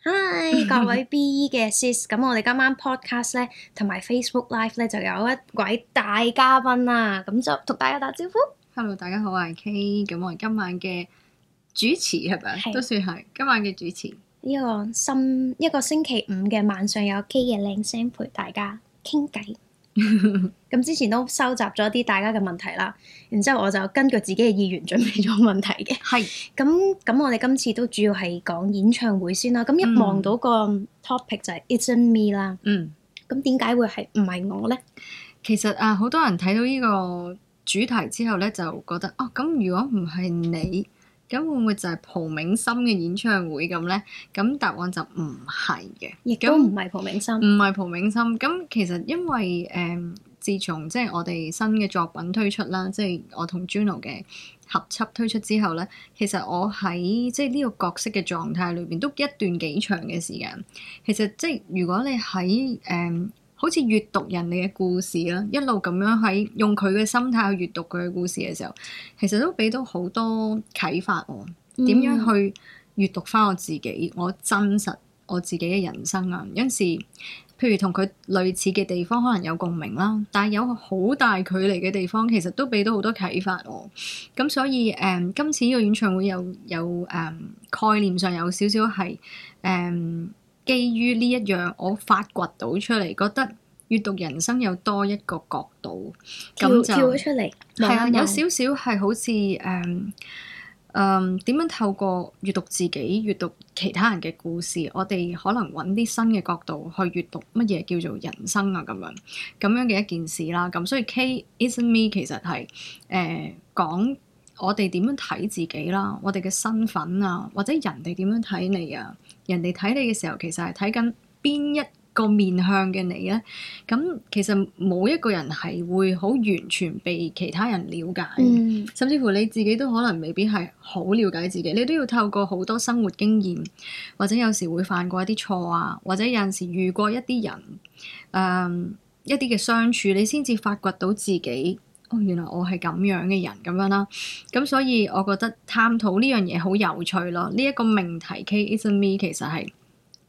.嗨，Hi, 各位 B E 嘅 Sis，咁 我哋今晚 Podcast 咧，同埋 Facebook Live 咧就有一位大嘉賓啊，咁就同大家打招呼。Hello，大家好 Kay, 我係，K，咁我哋今晚嘅主持係咪？都算係今晚嘅主持。呢是個深一個星期五嘅晚上有 K 嘅靚聲陪大家傾偈。咁 之前都收集咗啲大家嘅問題啦，然之後我就根據自己嘅意願準備咗問題嘅。係是，咁咁我哋今次都主要係講演唱會先啦。咁一望到個 topic，嗯，就係 It’s in me 啦。嗯，咁點解會係唔係我呢？其實啊，好多人睇到呢個主題之後咧，就覺得哦，咁如果唔係你。咁會唔會就係蒲銘心嘅演唱會咁咧？咁答案就唔係嘅，亦都唔係蒲銘心，唔係蒲銘心。咁其實因為誒、嗯，自從即係我哋新嘅作品推出啦，即係我同 Juno 嘅合輯推出之後咧，其實我喺即係呢個角色嘅狀態裏邊，都一段幾長嘅時間。其實即係如果你喺誒。嗯好似閲讀人哋嘅故事啦，一路咁樣喺用佢嘅心態去閲讀佢嘅故事嘅時候，其實都俾到好多啟發我，點樣去閲讀翻我自己，我真實我自己嘅人生啊！有陣時，譬如同佢類似嘅地方，可能有共鳴啦，但係有好大距離嘅地方，其實都俾到好多啟發我。咁所以誒、嗯，今次呢個演唱會有有誒、嗯、概念上有少少係誒。嗯基於呢一樣，我發掘到出嚟，覺得閲讀人生有多一個角度，咁就跳咗出嚟。係啊，嗯、有少少係好似誒，誒、嗯，點、嗯、樣透過閲讀自己、閲讀其他人嘅故事，我哋可能揾啲新嘅角度去閲讀乜嘢叫做人生啊，咁樣咁樣嘅一件事啦。咁所以 K isn't me，其實係誒、呃、講。我哋點樣睇自己啦？我哋嘅身份啊，或者人哋點樣睇你啊？人哋睇你嘅時候，其實係睇緊邊一個面向嘅你咧。咁其實冇一個人係會好完全被其他人了解、嗯、甚至乎你自己都可能未必係好了解自己。你都要透過好多生活經驗，或者有時會犯過一啲錯啊，或者有陣時遇過一啲人，誒、呃、一啲嘅相處，你先至發掘到自己。哦，原來我係咁樣嘅人咁樣啦、啊，咁所以我覺得探討呢樣嘢好有趣咯。呢、這、一個命題 Kiss Me 其實係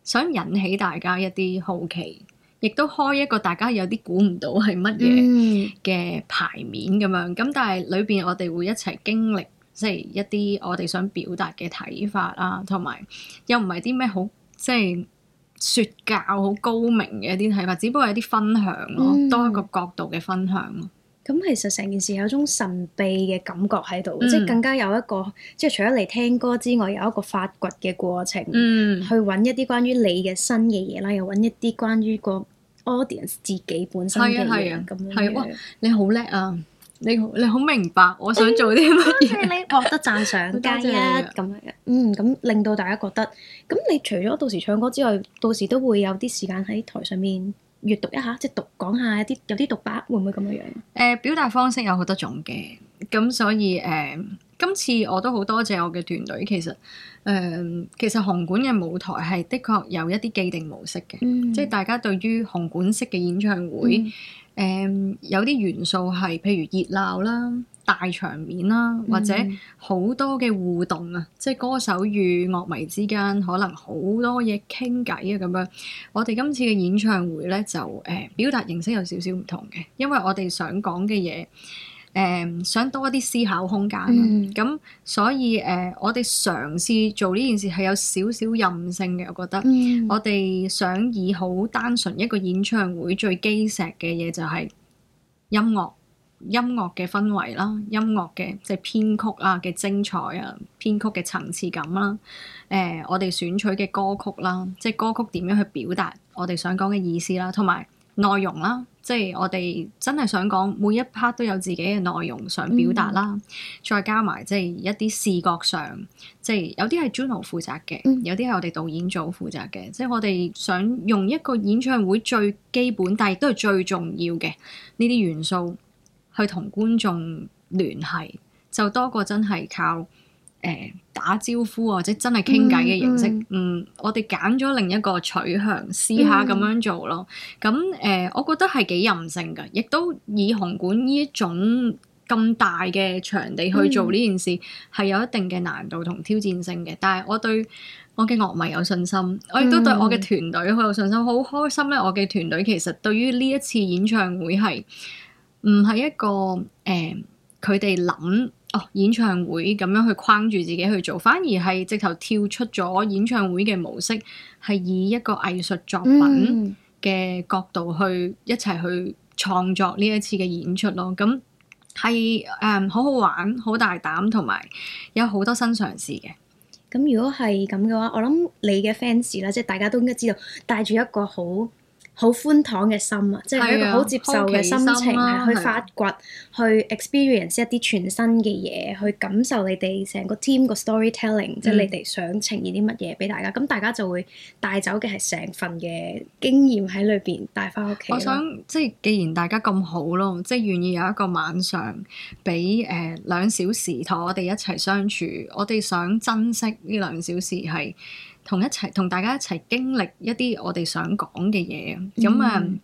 想引起大家一啲好奇，亦都開一個大家有啲估唔到係乜嘢嘅牌面咁、嗯、樣。咁但係裏邊我哋會一齊經歷，即係一啲我哋想表達嘅睇法啦，同埋又唔係啲咩好即係說教好高明嘅一啲睇法，只不過係啲分享咯，嗯、多一個角度嘅分享。咁其實成件事有種神秘嘅感覺喺度，嗯、即係更加有一個，即係除咗嚟聽歌之外，有一個發掘嘅過程，嗯、去揾一啲關於你嘅新嘅嘢啦，又揾一啲關於個 audience 自己本身嘅嘢，咁樣、係啊、係啊，哇！你好叻啊，你好你好明白，我想做啲乜嘢，哎、你獲得讚賞，真係啊，咁樣，嗯，咁令到大家覺得，咁你除咗到時唱歌之外，到時都會有啲時間喺台上面。閱讀一下，即係讀講下有啲有啲獨白，會唔會咁樣樣？誒、呃，表達方式有好多種嘅，咁所以誒、呃，今次我都好多謝我嘅團隊。其實誒、呃，其實紅館嘅舞台係的確有一啲既定模式嘅，嗯、即係大家對於紅館式嘅演唱會誒、嗯呃，有啲元素係譬如熱鬧啦。大場面啦，或者好多嘅互動啊，嗯、即係歌手與樂迷之間可能好多嘢傾偈啊，咁樣。我哋今次嘅演唱會呢，就誒、呃、表達形式有少少唔同嘅，因為我哋想講嘅嘢誒想多啲思考空間。咁、嗯、所以誒、呃，我哋嘗試做呢件事係有少少任性嘅，我覺得、嗯、我哋想以好單純一個演唱會最基石嘅嘢就係音樂。音樂嘅氛圍啦，音樂嘅即係編曲啦嘅精彩啊，編曲嘅層次感啦。誒、呃，我哋選取嘅歌曲啦，即係歌曲點樣去表達我哋想講嘅意思啦，同埋內容啦。即係我哋真係想講每一 part 都有自己嘅內容想表達啦。嗯、再加埋即係一啲視覺上，即係有啲係 Juno 負責嘅，嗯、有啲係我哋導演組負責嘅。即係我哋想用一個演唱會最基本，但係都係最重要嘅呢啲元素。去同觀眾聯繫，就多過真係靠誒、呃、打招呼或者真係傾偈嘅形式。嗯，嗯，嗯，我哋揀咗另一個取向，試下咁樣做咯。咁誒、嗯呃，我覺得係幾任性㗎，亦都以紅館呢一種咁大嘅場地去做呢件事，係、嗯、有一定嘅難度同挑戰性嘅。但係我對我嘅樂迷有信心，我亦都對我嘅團隊好有信心。好、嗯、開心咧！我嘅團隊其實對於呢一次演唱會係。唔係一個誒，佢哋諗哦，演唱會咁樣去框住自己去做，反而係直頭跳出咗演唱會嘅模式，係以一個藝術作品嘅角度去、嗯、一齊去創作呢一次嘅演出咯。咁係誒，好、嗯、好玩，好大膽，同埋有好多新嘗試嘅。咁如果係咁嘅話，我諗你嘅 fans 啦，即係大家都應該知道，帶住一個好好寬敞嘅心，心、啊、心啊，即係一個好接受嘅心情，去發掘、啊、去 experience 一啲全新嘅嘢，啊、去感受你哋成個 team 個 storytelling，即係你哋想呈現啲乜嘢俾大家。咁大家就會帶走嘅係成份嘅經驗喺裏邊帶翻屋企。我想即係既然大家咁好咯，即係願意有一個晚上俾誒、呃、兩小時同我哋一齊相處，我哋想珍惜呢兩小時係。同一齊，同大家一齊經歷一啲我哋想講嘅嘢，咁啊～、嗯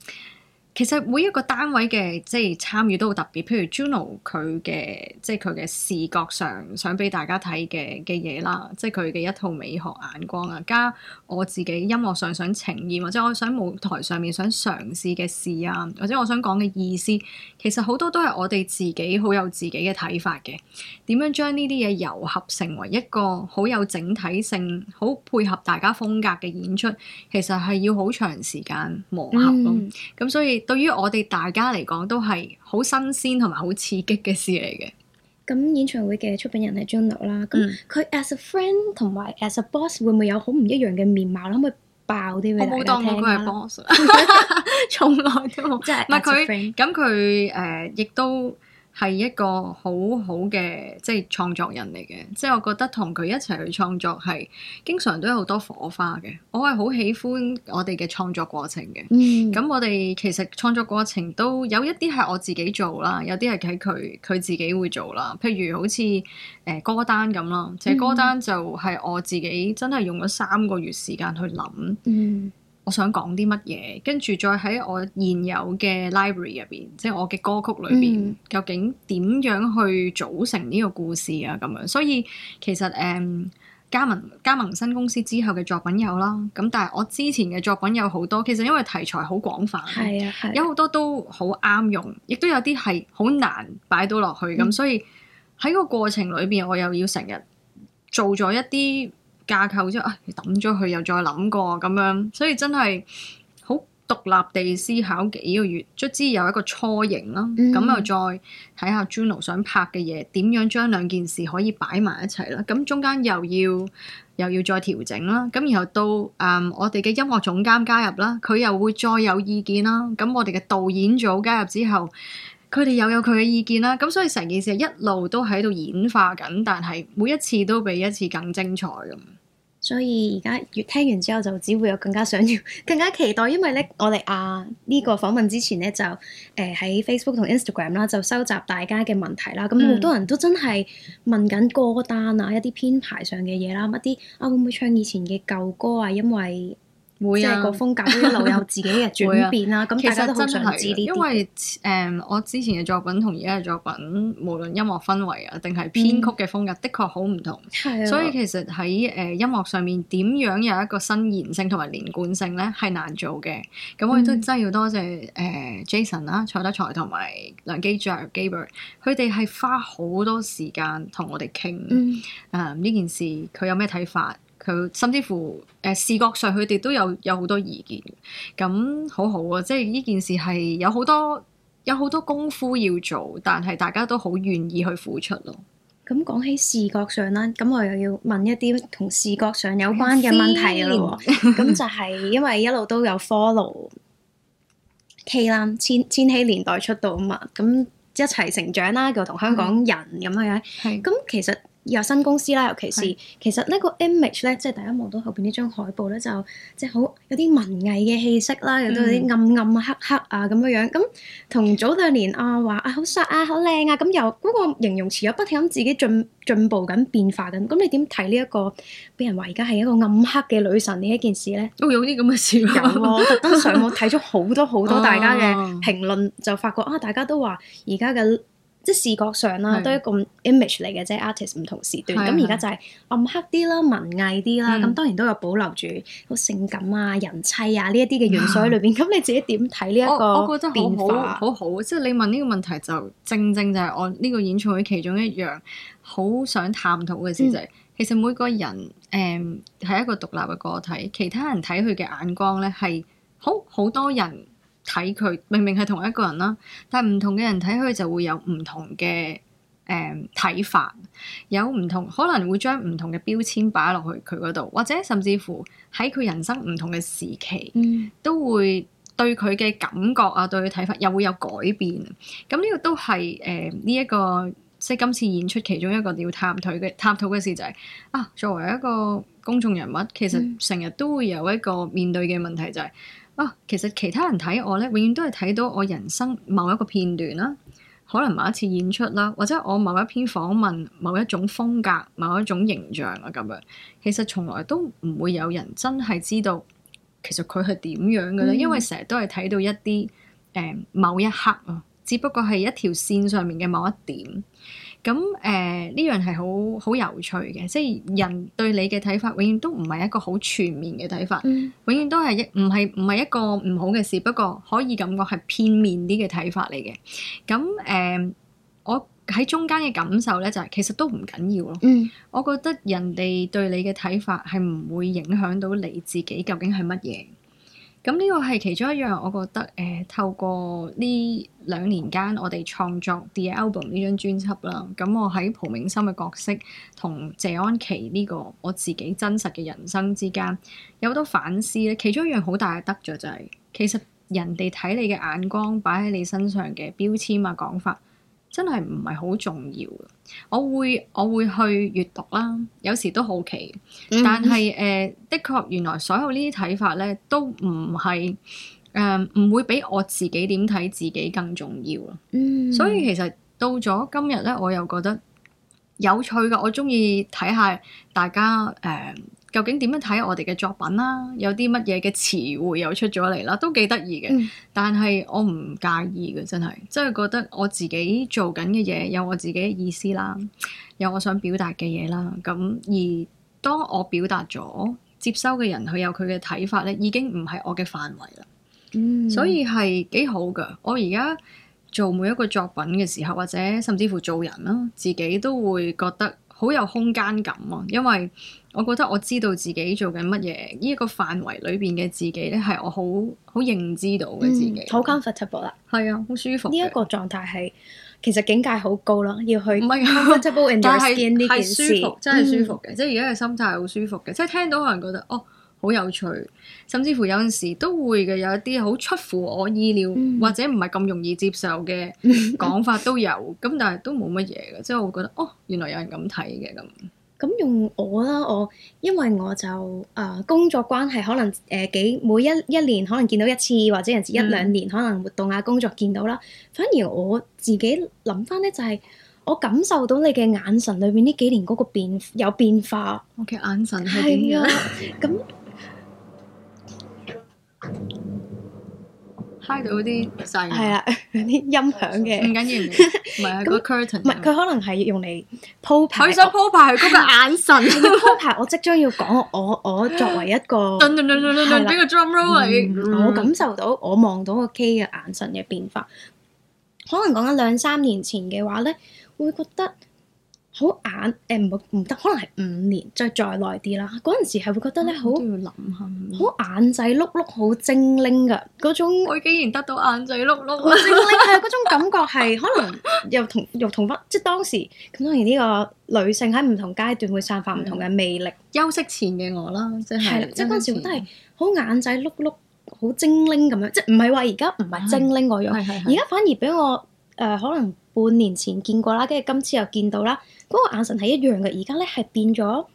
其實每一個單位嘅即係參與都好特別，譬如 Juno 佢嘅即係佢嘅視覺上想俾大家睇嘅嘅嘢啦，即係佢嘅一套美學眼光啊，加我自己音樂上想呈現或者我想舞台上面想嘗試嘅事啊，或者我想講嘅意思，其實好多都係我哋自己好有自己嘅睇法嘅。點樣將呢啲嘢糅合成為一個好有整體性、好配合大家風格嘅演出，其實係要好長時間磨合咯。咁、嗯、所以對於我哋大家嚟講，都係好新鮮同埋好刺激嘅事嚟嘅。咁演唱會嘅出品人係 Juno 啦，咁佢 as a friend 同埋 as a boss 會唔會有好唔一樣嘅面貌？可唔可以爆啲咩？我冇當過佢係 boss，從來都冇。即係唔係佢咁佢誒，亦都。係一個好好嘅即係創作人嚟嘅，即係我覺得同佢一齊去創作係經常都有好多火花嘅。我係好喜歡我哋嘅創作過程嘅。咁、嗯、我哋其實創作過程都有一啲係我自己做啦，有啲係喺佢佢自己會做啦。譬如好似誒、呃、歌單咁囉，即係歌單就係我自己真係用咗三個月時間去諗。嗯嗯我想講啲乜嘢，跟住再喺我現有嘅 library 入邊，即係我嘅歌曲裏邊，嗯、究竟點樣去組成呢個故事啊？咁樣，所以其實誒、嗯，加盟加盟新公司之後嘅作品有啦，咁但係我之前嘅作品有好多，其實因為題材好廣泛，係啊，啊有好多都好啱用，亦都有啲係好難擺到落去咁，嗯、所以喺個過程裏邊，我又要成日做咗一啲。架構之後，啊，抌咗佢又再諗過咁樣，所以真係好獨立地思考幾個月，卒之有一個雛形啦。咁、mm hmm. 又再睇下 Juno 想拍嘅嘢，點樣將兩件事可以擺埋一齊啦。咁中間又要又要再調整啦。咁然後到誒、嗯、我哋嘅音樂總監加入啦，佢又會再有意見啦。咁我哋嘅導演組加入之後，佢哋又有佢嘅意見啦。咁所以成件事一路都喺度演化緊，但係每一次都比一次更精彩咁。所以而家越聽完之後，就只會有更加想要、更加期待，因為咧，我哋啊呢、呢個訪問之前咧，就誒喺、呃、Facebook 同 Instagram 啦，就收集大家嘅問題啦。咁好多人都真係問緊歌單啊，一啲編排上嘅嘢啦，一啲啊會唔會唱以前嘅舊歌啊？因為。每一、啊、即係個風格都一路有自己嘅轉變啦。咁其、 啊、家都想知真因為誒、嗯，我之前嘅作品同而家嘅作品，無論音樂氛圍啊，定係編曲嘅風格，的確好唔同。嗯、所以其實喺誒、呃、音樂上面，點樣有一個新延性同埋連貫性咧，係難做嘅。咁我亦都真係要多謝誒、嗯呃、Jason 啦，蔡德才同埋梁基爵 Gabriel 佢哋係花好多時間同我哋傾。誒呢、嗯嗯、件事佢有咩睇法？佢甚至乎誒、呃、視覺上，佢哋都有有好多意見嘅，咁好好啊！即係呢件事係有好多有好多功夫要做，但係大家都好願意去付出咯。咁講起視覺上啦，咁我又要問一啲同視覺上有關嘅問題啦。咁 就係因為一路都有 follow K 啦，千千禧年代出道啊嘛，咁一齊成長啦，又同香港人咁樣樣，咁其實。有新公司啦，尤其是其實呢個 image 咧，即係大家望到後邊呢張海報咧，就即係好有啲文藝嘅氣息啦，又有啲暗暗啊、黑黑啊咁樣樣。咁同早兩年啊話啊好殺啊、好靚啊，咁又嗰個形容詞又不停咁自己進進步緊、變化緊。咁你點睇呢一個俾人話而家係一個暗黑嘅女神呢一件事咧？都有啲咁嘅事。有啊，特登上網睇咗好多好多大家嘅評論，就發覺啊，大家都話而家嘅。即視覺上啦、啊，都一個 image 嚟嘅即啫。artist 唔同時段，咁而家就係暗黑啲啦、文藝啲啦。咁、嗯、當然都有保留住好性感啊、人妻啊呢一啲嘅元素喺裏邊。咁、啊、你自己點睇呢一個？我我覺得好好好好。即係你問呢個問題，就正正就係我呢個演唱會其中一樣好想探討嘅事就係、是，嗯、其實每個人誒係、嗯、一個獨立嘅個體，其他人睇佢嘅眼光咧係好好多人。睇佢，明明係同一個人啦，但係唔同嘅人睇佢就會有唔同嘅誒睇法，有唔同可能會將唔同嘅標籤擺落去佢嗰度，或者甚至乎喺佢人生唔同嘅時期，嗯，都會對佢嘅感覺啊，對佢睇法又會有改變。咁呢個都係誒呢一個即係今次演出其中一個要探討嘅探討嘅事就係、是、啊，作為一個公眾人物，其實成日都會有一個面對嘅問題就係、是。嗯啊、哦，其實其他人睇我咧，永遠都係睇到我人生某一個片段啦，可能某一次演出啦，或者我某一篇訪問、某一種風格、某一種形象啦咁樣。其實從來都唔會有人真係知道其實佢係點樣嘅咧，嗯、因為成日都係睇到一啲誒、呃、某一刻啊，只不過係一條線上面嘅某一點。咁誒呢樣係好好有趣嘅，即係人對你嘅睇法永遠都唔係一個好全面嘅睇法，嗯、永遠都係一唔係唔係一個唔好嘅事，不過可以感覺係片面啲嘅睇法嚟嘅。咁誒、呃，我喺中間嘅感受咧就係、是、其實都唔緊要咯。嗯，我覺得人哋對你嘅睇法係唔會影響到你自己究竟係乜嘢。咁呢、嗯這個係其中一樣，我覺得誒、呃，透過呢兩年間我哋創作《The Album》呢張專輯啦，咁我喺蒲明心嘅角色同謝安琪呢個我自己真實嘅人生之間有好多反思咧。其中一樣好大嘅得著就係、是，其實人哋睇你嘅眼光擺喺你身上嘅標籤啊講法。真係唔係好重要，我會我會去閱讀啦，有時都好奇，mm hmm. 但係誒、呃，的確原來所有呢啲睇法咧，都唔係誒，唔、呃、會比我自己點睇自己更重要啊。Mm hmm. 所以其實到咗今日咧，我又覺得有趣嘅，我中意睇下大家誒。呃究竟點樣睇我哋嘅作品啦？有啲乜嘢嘅詞彙又出咗嚟啦？都幾得意嘅。嗯、但係我唔介意嘅，真係真係覺得我自己做緊嘅嘢有我自己嘅意思啦，有我想表達嘅嘢啦。咁而當我表達咗，接收嘅人佢有佢嘅睇法咧，已經唔係我嘅範圍啦。嗯、所以係幾好㗎。我而家做每一個作品嘅時候，或者甚至乎做人啦，自己都會覺得。好有空間感啊，因為我覺得我知道自己做緊乜嘢，呢、呢個範圍裏邊嘅自己咧，係我好好認知到嘅自己，好 comfortable 啦。係啊，好舒服。呢一個狀態係其實境界好高啦，要去 comfortable in their skin 呢件事真係舒服嘅，嗯，即係而家嘅心態好舒服嘅，即係聽到可能覺得哦。好有趣，甚至乎有陣時都會嘅，有一啲好出乎我意料，或者唔係咁容易接受嘅講法都有。咁但係都冇乜嘢嘅，即係我覺得哦，原來有人咁睇嘅咁。咁用我啦，我因為我就誒工作關係，可能誒幾每一一年可能見到一次，或者甚至一兩年可能活動啊工作見到啦。反而我自己諗翻呢，就係我感受到你嘅眼神裏邊呢幾年嗰個變有變化。我嘅眼神係點咧？咁。嗨到啲掣，係啊啲音響嘅，唔緊要，唔係啊個 curtain，唔係佢 可能係用嚟鋪排，佢想鋪排係嗰個眼神鋪 排。我即將要講我我作為一個，係個 drum roll 我感受到我望到個 key 嘅眼神嘅變化，可能講緊兩三年前嘅話咧，會覺得。眼欸、好眼誒唔冇唔得，可能係五年再再耐啲啦。嗰陣時係會覺得咧好，都要諗下。好眼仔碌碌，好精靈嘅嗰種。我竟然得到眼仔碌碌，好精靈係嗰種感覺，係 可能又同又同翻即當時咁當然呢個女性喺唔同階段會散發唔同嘅魅力。休息前嘅我啦、即係，即係係啦，即嗰陣時我都係好眼仔碌碌，好精靈咁樣，即唔係話而家唔係精靈嗰樣，而家反而俾我誒、呃、可能。半年前見過啦，跟住今次又見到啦，嗰個眼神係一樣嘅，而家咧係變咗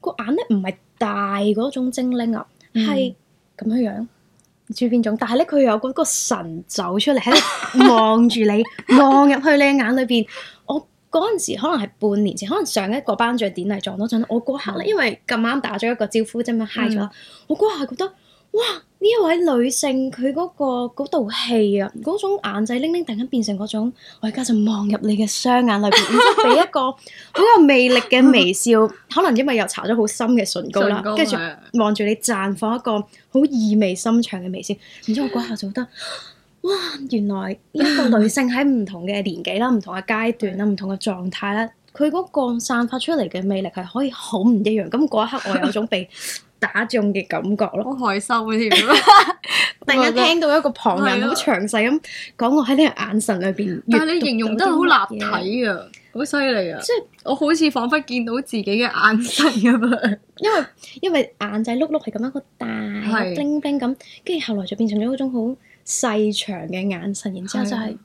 個眼咧唔係大嗰種精靈啊，係咁、嗯、樣樣，唔知邊種，但係咧佢有嗰個神走出嚟喺度望住你，望入去你嘅眼裏邊。我嗰陣時可能係半年前，可能上一個頒獎典禮撞到陣，我嗰刻咧因為咁啱打咗一個招呼啫嘛 high 咗，嗯、我嗰下覺得。哇！呢一位女性，佢嗰、嗰個嗰度氣啊，嗰種眼仔靈靈，突然間變成嗰種我而家就望入你嘅雙眼裏邊，然之後俾一個好有魅力嘅微笑， 可能因為又搽咗好深嘅唇膏啦，跟住望住你，綻放一個好意味深長嘅微笑，然之後嗰下就覺得，哇！原來呢個女性喺唔同嘅年紀啦、唔同嘅階段啦、唔同嘅狀態啦，佢嗰個散發出嚟嘅魅力係可以好唔一樣。咁嗰一刻，我有種被。 打中嘅感覺咯，好害羞嘅、啊、添。突然間 聽到一個旁人好詳細咁講我喺呢個眼神裏邊，但係你形容得好立體啊，好犀利啊！即係我好似彷彿見到自己嘅眼神咁，因為因為眼仔碌碌係咁一個大冰冰咁，跟住 的後，後來就變成咗一種好細長嘅眼神，然後之後就係、是。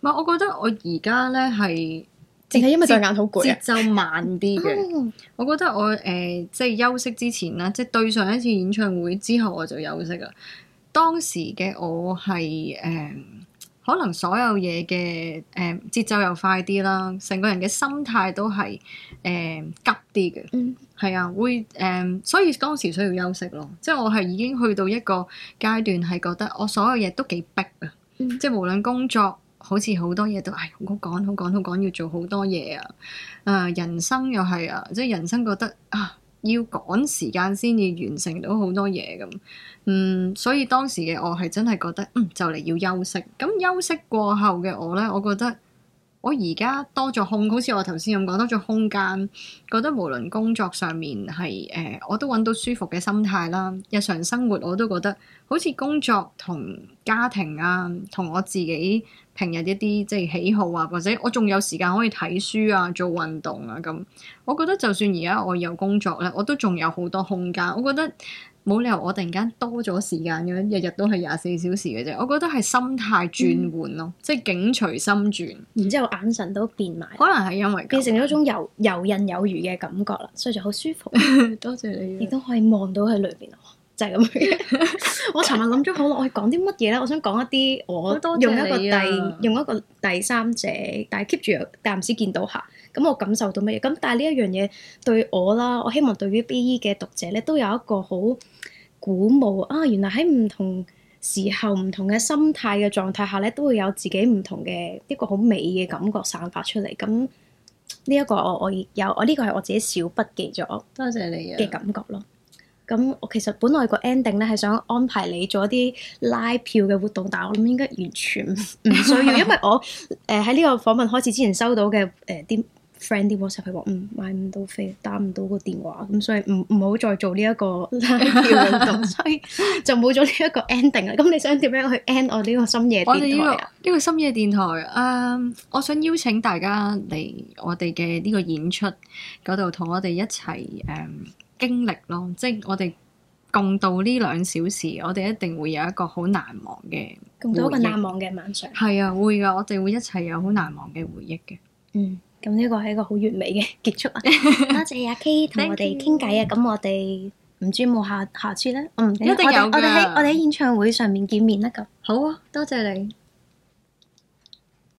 唔，我覺得我而家咧係。淨係因為隻眼好攰，節奏慢啲嘅，oh. 我覺得我誒、呃、即係休息之前啦，即係對上一次演唱會之後我就休息啦。當時嘅我係誒、呃，可能所有嘢嘅誒節奏又快啲啦，成個人嘅心態都係誒、呃、急啲嘅，係、mm hmm. 啊，會誒、呃，所以當時需要休息咯。即係我係已經去到一個階段，係覺得我所有嘢都幾逼啊，mm hmm. 即係無論工作。好似好多嘢都，哎，好趕，好趕，好趕，要做好多嘢啊！啊、呃，人生又係啊，即係人生覺得啊，要趕時間先至完成到好多嘢咁、啊。嗯，所以當時嘅我係真係覺得，嗯，就嚟要休息。咁休息過後嘅我咧，我覺得。我而家多咗空，好似我頭先咁講，多咗空間，覺得無論工作上面係誒、呃，我都搵到舒服嘅心態啦。日常生活我都覺得，好似工作同家庭啊，同我自己平日一啲即係喜好啊，或者我仲有時間可以睇書啊，做運動啊咁。我覺得就算而家我有工作咧，我都仲有好多空間。我覺得。冇理由我突然間多咗時間咁樣，日日都係廿四小時嘅啫。我覺得係心態轉換咯，嗯、即係境隨心轉，嗯、然之後眼神都變埋，可能係因為變成咗一種游遊刃有餘嘅感覺啦，所以就好舒服。 多謝你，亦都可以望到喺裏邊，就係咁嘅。我尋日諗咗好耐，我講啲乜嘢咧？我想講一啲我用一個第用一個第三者，但係 keep 住暫時見到下。咁我感受到乜嘢？咁但係呢一樣嘢對我啦，我希望對於 BE 嘅讀者咧，都有一個好鼓舞啊！原來喺唔同時候、唔同嘅心態嘅狀態下咧，都會有自己唔同嘅一個好美嘅感覺散發出嚟。咁呢一個我我有，我、這、呢個係我自己小筆記咗。多謝，謝你嘅感覺咯。咁我其實本來個 ending 咧係想安排你做一啲拉票嘅活動，但係我諗應該完全唔需要， 因為我誒喺呢個訪問開始之前收到嘅誒啲。呃 friend 啲 WhatsApp 佢話，嗯，買唔到飛，打唔到個電話咁，所以唔唔好再做呢一個拉票運動， 所以就冇咗呢一個 ending 啦。咁你想點樣去 end 我呢個深夜？我哋呢個深夜電台啊！我哋呢個呢個深夜電台呃、我想邀請大家嚟我哋嘅呢個演出嗰度，同我哋一齊誒經歷咯，即係我哋共度呢兩小時，我哋一定會有一個好難忘嘅共度一個難忘嘅晚上。係啊，會噶，我哋會一齊有好難忘嘅回憶嘅。嗯。咁呢個係一個好完美嘅結束啊！ 多謝阿 K 同我哋傾偈啊！咁 我哋唔知冇下下次啦，嗯，我有我，我哋喺我哋喺演唱會上面見面啦咁。好啊，多謝你。